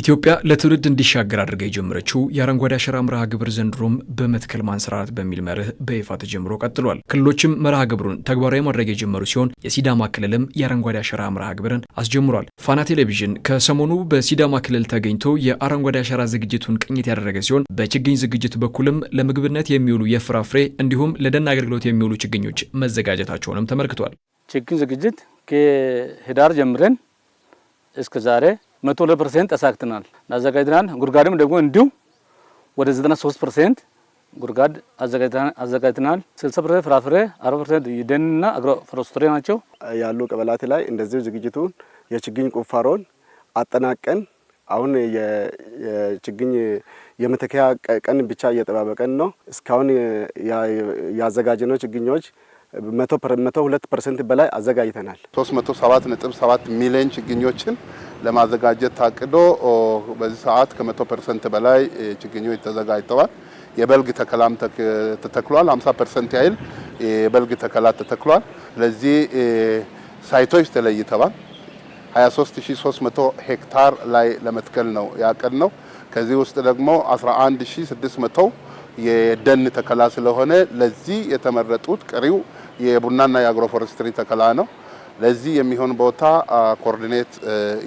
ኢትዮጵያ ለትውልድ እንዲሻገር አድርጋ የጀመረችው የአረንጓዴ አሻራ መርሃ ግብር ዘንድሮም በመትከል ማንሰራራት በሚል መርህ በይፋ ተጀምሮ ቀጥሏል። ክልሎችም መርሃ ግብሩን ተግባራዊ ማድረግ የጀመሩ ሲሆን የሲዳማ ክልልም የአረንጓዴ አሻራ መርሃ ግብርን አስጀምሯል። ፋና ቴሌቪዥን ከሰሞኑ በሲዳማ ክልል ተገኝቶ የአረንጓዴ አሻራ ዝግጅቱን ቅኝት ያደረገ ሲሆን በችግኝ ዝግጅት በኩልም ለምግብነት የሚውሉ የፍራፍሬ እንዲሁም ለደን አገልግሎት የሚውሉ ችግኞች መዘጋጀታቸውንም ተመልክቷል። ችግኝ ዝግጅት ከህዳር ጀምረን እስከ ዛሬ መቶ ፐርሰንት ተሳክተናል አዘጋጅተናል። ጉድጓድም ደግሞ እንዲሁ ወደ 93 ፐርሰንት ጉድጓድ አዘጋጅተናል። 60 ፐርሰንት ፍራፍሬ፣ 40 ፐርሰንት የደንና አግሮ ፎረስትሪ ናቸው ያሉ ቀበላት ላይ እንደዚሁ ዝግጅቱን የችግኝ ቁፋሮን አጠናቀን አሁን የችግኝ የመተከያ ቀን ብቻ እየጠባበቀን ነው። እስካሁን ያዘጋጀነው ችግኞች መቶ ሁለት ፐርሰንት በላይ አዘጋጅተናል። 3መቶ7ነ7 ሚሊዮን ችግኞችን ለማዘጋጀት ታቅዶ በዚህ ሰዓት ከመቶ ፐርሰንት በላይ ችግኞች ተዘጋጅተዋል። የበልግ ተከላም ተተክሏል። 50 ፐርሰንት ያህል የበልግ ተከላ ተተክሏል። ለዚህ ሳይቶች ተለይተዋል። 23300 ሄክታር ላይ ለመትከል ነው ያቀድ ነው። ከዚህ ውስጥ ደግሞ 11600 የደን ተከላ ስለሆነ ለዚህ የተመረጡት ቀሪው የቡናና የአግሮፎረስትሪ ተከላ ነው። ለዚህ የሚሆን ቦታ ኮኦርዲኔት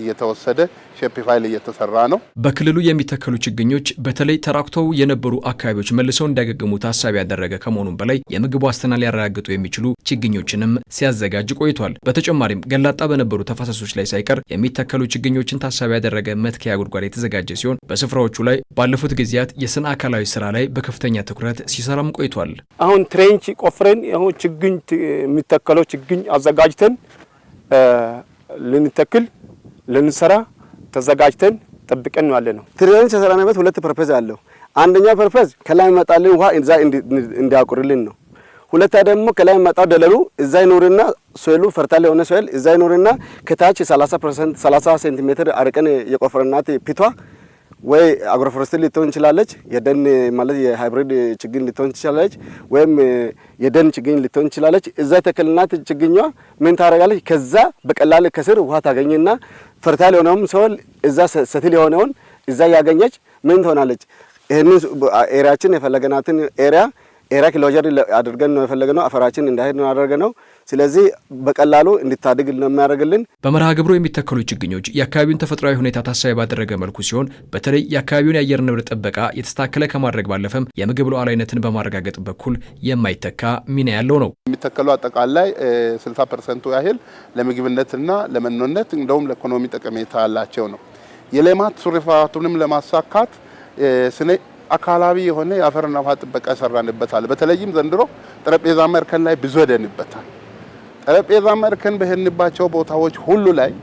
እየተወሰደ ሼፒፋይል እየተሰራ ነው። በክልሉ የሚተከሉ ችግኞች በተለይ ተራኩተው የነበሩ አካባቢዎች መልሰው እንዲያገግሙ ታሳቢ ያደረገ ከመሆኑም በላይ የምግብ ዋስትና ሊያረጋግጡ የሚችሉ ችግኞችንም ሲያዘጋጅ ቆይቷል። በተጨማሪም ገላጣ በነበሩ ተፋሰሶች ላይ ሳይቀር የሚተከሉ ችግኞችን ታሳቢ ያደረገ መትከያ ጉድጓድ የተዘጋጀ ሲሆን በስፍራዎቹ ላይ ባለፉት ጊዜያት የስነ አካላዊ ስራ ላይ በከፍተኛ ትኩረት ሲሰራም ቆይቷል። አሁን ትሬንች ቆፍረን አሁን ችግኝ የሚተከለው ችግኝ አዘጋጅተን ልንተክል ልንሰራ ተዘጋጅተን ጠብቀን ነው ያለ ነው። ትሪሊዮን የሰራንበት ሁለት ፐርፐዝ አለው። አንደኛ ፐርፐዝ ከላይ መጣልን ውሃ እዛ እንዲያቁርልን ነው። ሁለታ ደግሞ ከላይ መጣው ደለሉ እዛ ይኖርና ሶይሉ ፈርታል የሆነ ሶይል እዛ ይኖርና ከታች 30 ሴንቲሜትር አርቀን የቆፈርናት ፒቷ ወይ አግሮፎረስትሪ ልትሆን ትችላለች፣ የደን ማለት የሃይብሪድ ችግኝ ልትሆን ትችላለች፣ ወይም የደን ችግኝ ልትሆን ትችላለች። እዛ ተክልናት ችግኛ ምን ታደርጋለች? ከዛ በቀላል ከስር ውሃ ታገኝና ፈርታል የሆነውም ሰውል እዛ ሰትል የሆነውን እዛ ያገኘች ምን ትሆናለች? ይህንን ኤሪያችን የፈለገናትን ኤሪያ ኤራክ ሎጀር አድርገን ነው የፈለግነው። አፈራችን እንዳይሄድ ነው ያደረግነው። ስለዚህ በቀላሉ እንድታድግ ነው የሚያደርግልን። በመርሃ ግብሩ የሚተከሉ ችግኞች የአካባቢውን ተፈጥሯዊ ሁኔታ ታሳቢ ባደረገ መልኩ ሲሆን በተለይ የአካባቢውን የአየር ንብረት ጥበቃ የተስተካከለ ከማድረግ ባለፈም የምግብ ሉዓላዊነትን በማረጋገጥ በኩል የማይተካ ሚና ያለው ነው። የሚተከሉ አጠቃላይ 60 ፐርሰንቱ ያህል ለምግብነትና ለመኖነት እንደውም ለኢኮኖሚ ጠቀሜታ ያላቸው ነው። የሌማት ሱሪፋቱንም ለማሳካት አካላዊ የሆነ የአፈርና ውሃ ጥበቃ ሰራንበታል። በተለይም ዘንድሮ ጠረጴዛ መርከን ላይ ብዙ ደንበታል። ጠረጴዛ መርከን በሄድንባቸው ቦታዎች ሁሉ ላይ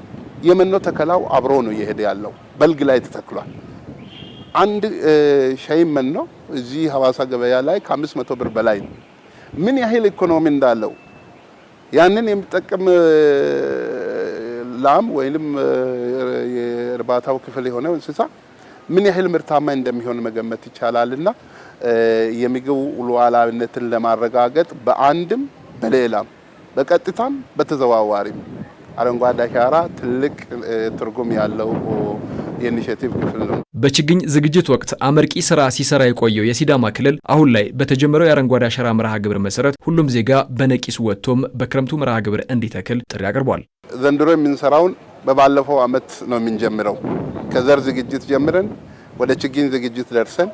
የመኖ ተከላው አብሮ ነው እየሄደ ያለው። በልግ ላይ ተተክሏል። አንድ ሻይ መኖ እዚህ ሀዋሳ ገበያ ላይ ከአምስት መቶ ብር በላይ ነው። ምን ያህል ኢኮኖሚ እንዳለው ያንን የሚጠቅም ላም ወይም የእርባታው ክፍል የሆነ እንስሳ ምን ያህል ምርታማ እንደሚሆን መገመት ይቻላልና የምግብ ሉዓላዊነትን ለማረጋገጥ በአንድም በሌላም በቀጥታም በተዘዋዋሪም አረንጓዴ አሻራ ትልቅ ትርጉም ያለው የኢኒሼቲቭ ክፍል ነው። በችግኝ ዝግጅት ወቅት አመርቂ ስራ ሲሰራ የቆየው የሲዳማ ክልል አሁን ላይ በተጀመረው የአረንጓዴ አሻራ መርሃ ግብር መሰረት ሁሉም ዜጋ በነቂስ ወጥቶም በክረምቱ መርሃ ግብር እንዲተክል ጥሪ አቅርቧል። ዘንድሮ የምንሰራውን በባለፈው አመት ነው የምንጀምረው። ከዘር ዝግጅት ጀምረን ወደ ችግኝ ዝግጅት ደርሰን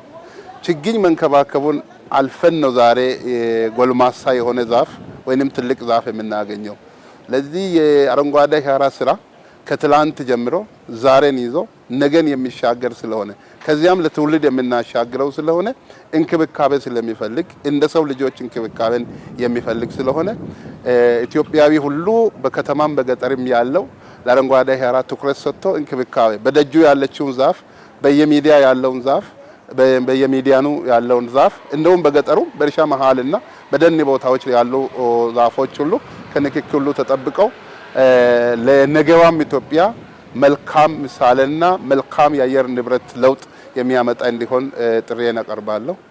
ችግኝ መንከባከቡን አልፈን ነው ዛሬ ጎልማሳ የሆነ ዛፍ ወይንም ትልቅ ዛፍ የምናገኘው። ለዚህ የአረንጓዴ አሻራ ስራ ከትላንት ጀምሮ ዛሬን ይዞ ነገን የሚሻገር ስለሆነ ከዚያም ለትውልድ የምናሻግረው ስለሆነ እንክብካቤ ስለሚፈልግ እንደ ሰው ልጆች እንክብካቤን የሚፈልግ ስለሆነ ኢትዮጵያዊ ሁሉ በከተማም በገጠርም ያለው ለአረንጓዴ ሄራ ትኩረት ሰጥቶ እንክብካቤ በደጁ ያለችውን ዛፍ በየሚዲያ ያለውን ዛፍ በየሚዲያኑ ያለውን ዛፍ እንደውም በገጠሩ በእርሻ መሀልና በደን ቦታዎች ያሉ ዛፎች ሁሉ ከንክክ ሁሉ ተጠብቀው ለነገዋም ኢትዮጵያ መልካም ምሳሌና መልካም የአየር ንብረት ለውጥ የሚያመጣ እንዲሆን ጥሪዬን አቀርባለሁ።